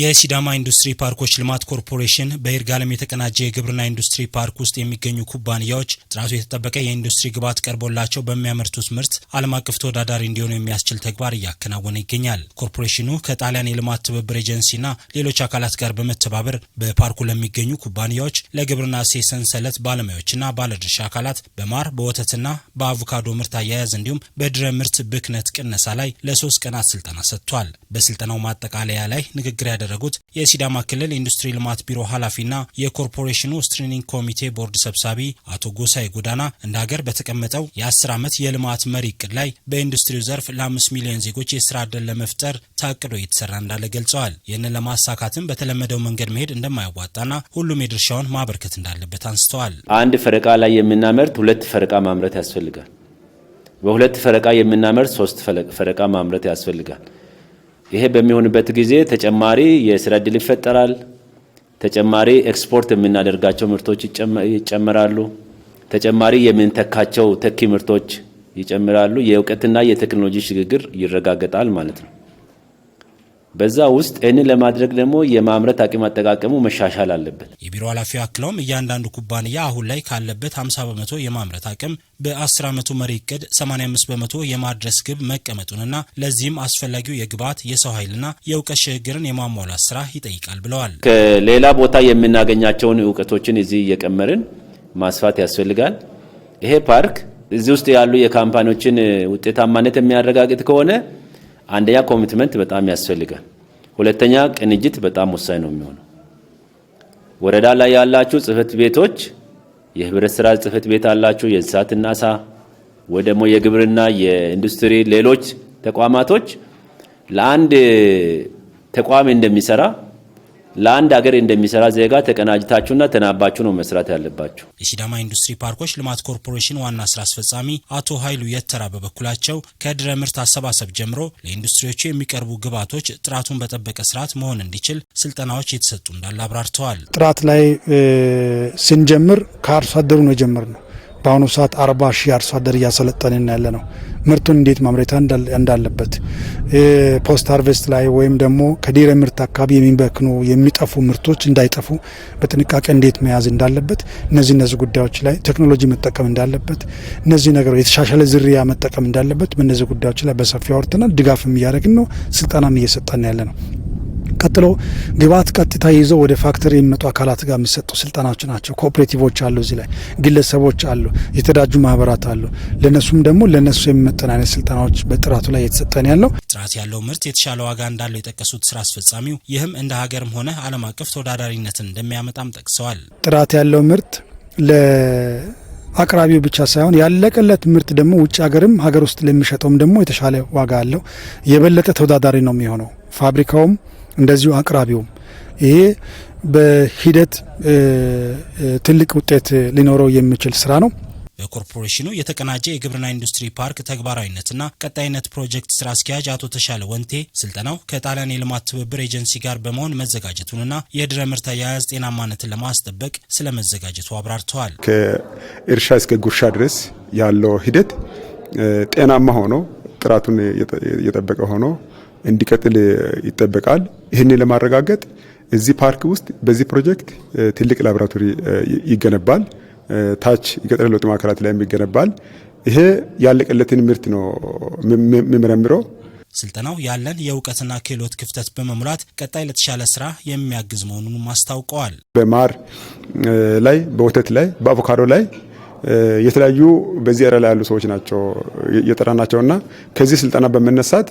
የሲዳማ ኢንዱስትሪ ፓርኮች ልማት ኮርፖሬሽን በይርጋለም የተቀናጀ የግብርና ኢንዱስትሪ ፓርክ ውስጥ የሚገኙ ኩባንያዎች ጥራቱ የተጠበቀ የኢንዱስትሪ ግብዓት ቀርቦላቸው በሚያመርቱት ምርት ዓለም አቀፍ ተወዳዳሪ እንዲሆኑ የሚያስችል ተግባር እያከናወነ ይገኛል። ኮርፖሬሽኑ ከጣሊያን የልማት ትብብር ኤጀንሲና ሌሎች አካላት ጋር በመተባበር በፓርኩ ለሚገኙ ኩባንያዎች ለግብርና እሴት ሰንሰለት ባለሙያዎችና ባለድርሻ አካላት በማር በወተትና በአቮካዶ ምርት አያያዝ እንዲሁም በድረ ምርት ብክነት ቅነሳ ላይ ለሶስት ቀናት ስልጠና ሰጥቷል። በስልጠናው ማጠቃለያ ላይ ንግግር ያደ ያደረጉት የሲዳማ ክልል ኢንዱስትሪ ልማት ቢሮ ኃላፊና የኮርፖሬሽኑ ስትሪኒንግ ኮሚቴ ቦርድ ሰብሳቢ አቶ ጎሳይ ጎዳና እንደ ሀገር በተቀመጠው የአስር ዓመት የልማት መሪ እቅድ ላይ በኢንዱስትሪው ዘርፍ ለአምስት ሚሊዮን ዜጎች የስራ ዕድል ለመፍጠር ታቅዶ እየተሰራ እንዳለ ገልጸዋል። ይህንን ለማሳካትም በተለመደው መንገድ መሄድ እንደማያዋጣና ሁሉም የድርሻውን ማበርከት እንዳለበት አንስተዋል። አንድ ፈረቃ ላይ የምናመርት ሁለት ፈረቃ ማምረት ያስፈልጋል። በሁለት ፈረቃ የምናመርት ሶስት ፈረቃ ማምረት ያስፈልጋል። ይሄ በሚሆንበት ጊዜ ተጨማሪ የስራ እድል ይፈጠራል። ተጨማሪ ኤክስፖርት የምናደርጋቸው ምርቶች ይጨምራሉ። ተጨማሪ የምንተካቸው ተኪ ምርቶች ይጨምራሉ። የእውቀትና የቴክኖሎጂ ሽግግር ይረጋገጣል ማለት ነው። በዛ ውስጥ ይህንን ለማድረግ ደግሞ የማምረት አቅም አጠቃቀሙ መሻሻል አለበት። የቢሮ ኃላፊው አክለውም እያንዳንዱ ኩባንያ አሁን ላይ ካለበት 50 በመቶ የማምረት አቅም በ10 ዓመቱ መሪ እቅድ 85 በመቶ የማድረስ ግብ መቀመጡንና ለዚህም አስፈላጊው የግብዓት የሰው ኃይልና የእውቀት ሽግግርን የማሟላት ስራ ይጠይቃል ብለዋል። ከሌላ ቦታ የምናገኛቸውን እውቀቶችን እዚህ እየቀመርን ማስፋት ያስፈልጋል። ይሄ ፓርክ እዚህ ውስጥ ያሉ የካምፓኒዎችን ውጤታማነት የሚያረጋግጥ ከሆነ አንደኛ ኮሚትመንት በጣም ያስፈልጋል። ሁለተኛ ቅንጅት በጣም ወሳኝ ነው የሚሆነው። ወረዳ ላይ ያላችሁ ጽህፈት ቤቶች የህብረት ስራ ጽህፈት ቤት አላችሁ፣ የእንስሳትና አሳ ወይ ደግሞ የግብርና የኢንዱስትሪ ሌሎች ተቋማቶች ለአንድ ተቋም እንደሚሰራ ለአንድ ሀገር እንደሚሰራ ዜጋ ተቀናጅታችሁና ተናባችሁ ነው መስራት ያለባችሁ። የሲዳማ ኢንዱስትሪ ፓርኮች ልማት ኮርፖሬሽን ዋና ስራ አስፈጻሚ አቶ ኃይሉ የተራ በበኩላቸው ከድረ ምርት አሰባሰብ ጀምሮ ለኢንዱስትሪዎቹ የሚቀርቡ ግብዓቶች ጥራቱን በጠበቀ ስርዓት መሆን እንዲችል ስልጠናዎች የተሰጡ እንዳለ አብራርተዋል። ጥራት ላይ ስንጀምር ከአርሶ አደሩ ነው የጀመርነው በአሁኑ ሰዓት አርባ ሺህ አርሶ አደር እያሰለጠንን ያለ ነው። ምርቱን እንዴት ማምረት እንዳለበት ፖስት ሃርቨስት ላይ ወይም ደግሞ ከድህረ ምርት አካባቢ የሚበክኑ የሚጠፉ ምርቶች እንዳይጠፉ በጥንቃቄ እንዴት መያዝ እንዳለበት፣ እነዚህ እነዚህ ጉዳዮች ላይ ቴክኖሎጂ መጠቀም እንዳለበት፣ እነዚህ ነገሮች የተሻሻለ ዝርያ መጠቀም እንዳለበት፣ በእነዚህ ጉዳዮች ላይ በሰፊ አውርተናል። ድጋፍም እያደረግን ነው። ስልጠናም እየሰጠን ያለ ነው። ተከትሎ ግብዓት ቀጥታ ይዘው ወደ ፋክተሪ የሚመጡ አካላት ጋር የሚሰጡ ስልጠናዎች ናቸው። ኮኦፕሬቲቮች አሉ፣ እዚህ ላይ ግለሰቦች አሉ፣ የተዳጁ ማህበራት አሉ። ለነሱም ደግሞ ለነሱ የሚመጠን አይነት ስልጠናዎች በጥራቱ ላይ እየተሰጠን ያለው ጥራት ያለው ምርት የተሻለ ዋጋ እንዳለው የጠቀሱት ስራ አስፈጻሚው ይህም እንደ ሀገርም ሆነ ዓለም አቀፍ ተወዳዳሪነትን እንደሚያመጣም ጠቅሰዋል። ጥራት ያለው ምርት አቅራቢው ብቻ ሳይሆን ያለቀለት ምርት ደግሞ ውጭ ሀገርም ሀገር ውስጥ ለሚሸጠውም ደግሞ የተሻለ ዋጋ አለው። የበለጠ ተወዳዳሪ ነው የሚሆነው ፋብሪካውም እንደዚሁ አቅራቢውም ይሄ በሂደት ትልቅ ውጤት ሊኖረው የሚችል ስራ ነው። በኮርፖሬሽኑ የተቀናጀ የግብርና ኢንዱስትሪ ፓርክ ተግባራዊነትና ቀጣይነት ፕሮጀክት ስራ አስኪያጅ አቶ ተሻለ ወንቴ ስልጠናው ከጣሊያን የልማት ትብብር ኤጀንሲ ጋር በመሆን መዘጋጀቱንና የድረ ምርት አያያዝ ጤናማነትን ለማስጠበቅ ስለ መዘጋጀቱ አብራርተዋል። ከእርሻ እስከ ጉርሻ ድረስ ያለው ሂደት ጤናማ ሆኖ ጥራቱን የጠበቀ ሆኖ እንዲቀጥል ይጠበቃል። ይህንን ለማረጋገጥ እዚህ ፓርክ ውስጥ በዚህ ፕሮጀክት ትልቅ ላቦራቶሪ ይገነባል። ታች የገጠር ለውጥ ማዕከላት ላይም ይገነባል። ይሄ ያለቀለትን ምርት ነው የሚመረምረው። ስልጠናው ያለን የእውቀትና ክህሎት ክፍተት በመሙላት ቀጣይ ለተሻለ ስራ የሚያግዝ መሆኑንም አስታውቀዋል። በማር ላይ፣ በወተት ላይ፣ በአቮካዶ ላይ የተለያዩ በዚህ ረ ላይ ያሉ ሰዎች ናቸው የጠራናቸውና ከዚህ ስልጠና በመነሳት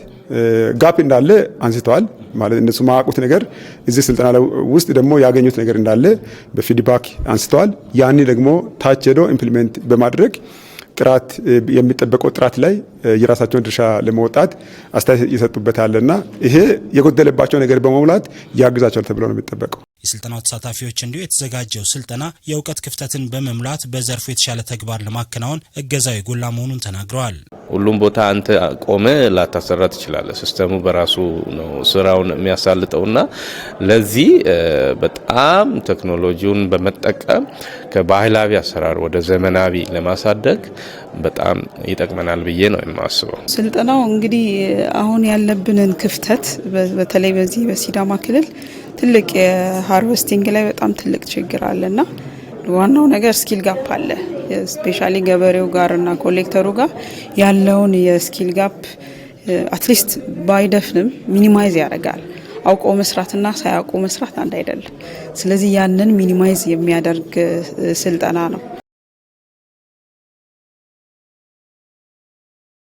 ጋፕ እንዳለ አንስተዋል። ማለት እነሱ ማያውቁት ነገር እዚህ ስልጠና ውስጥ ደግሞ ያገኙት ነገር እንዳለ በፊድባክ አንስተዋል። ያኔ ደግሞ ታች ሄዶ ኢምፕሊመንት በማድረግ ጥራት የሚጠበቀው ጥራት ላይ የራሳቸውን ድርሻ ለመውጣት አስተያየት ይሰጡበታል እና ይሄ የጎደለባቸው ነገር በመሙላት ያግዛቸዋል ተብሎ ነው የሚጠበቀው። የስልጠናው ተሳታፊዎች እንዲሁ የተዘጋጀው ስልጠና የእውቀት ክፍተትን በመሙላት በዘርፉ የተሻለ ተግባር ለማከናወን እገዛው የጎላ መሆኑን ተናግረዋል። ሁሉም ቦታ አንተ ቆመ ላታሰራ ትችላለ። ሲስተሙ በራሱ ነው ስራውን የሚያሳልጠውና ለዚህ በጣም ቴክኖሎጂውን በመጠቀም ከባህላዊ አሰራር ወደ ዘመናዊ ለማሳደግ በጣም ይጠቅመናል ብዬ ነው የማስበው። ስልጠናው እንግዲህ አሁን ያለብንን ክፍተት በተለይ በዚህ በሲዳማ ክልል ትልቅ የሃርቨስቲንግ ላይ በጣም ትልቅ ችግር አለ እና ዋናው ነገር ስኪል ጋፕ አለ። ስፔሻሊ ገበሬው ጋር እና ኮሌክተሩ ጋር ያለውን የስኪል ጋፕ አትሊስት ባይደፍንም ሚኒማይዝ ያደርጋል። አውቆ መስራትና ሳያውቁ መስራት አንድ አይደለም። ስለዚህ ያንን ሚኒማይዝ የሚያደርግ ስልጠና ነው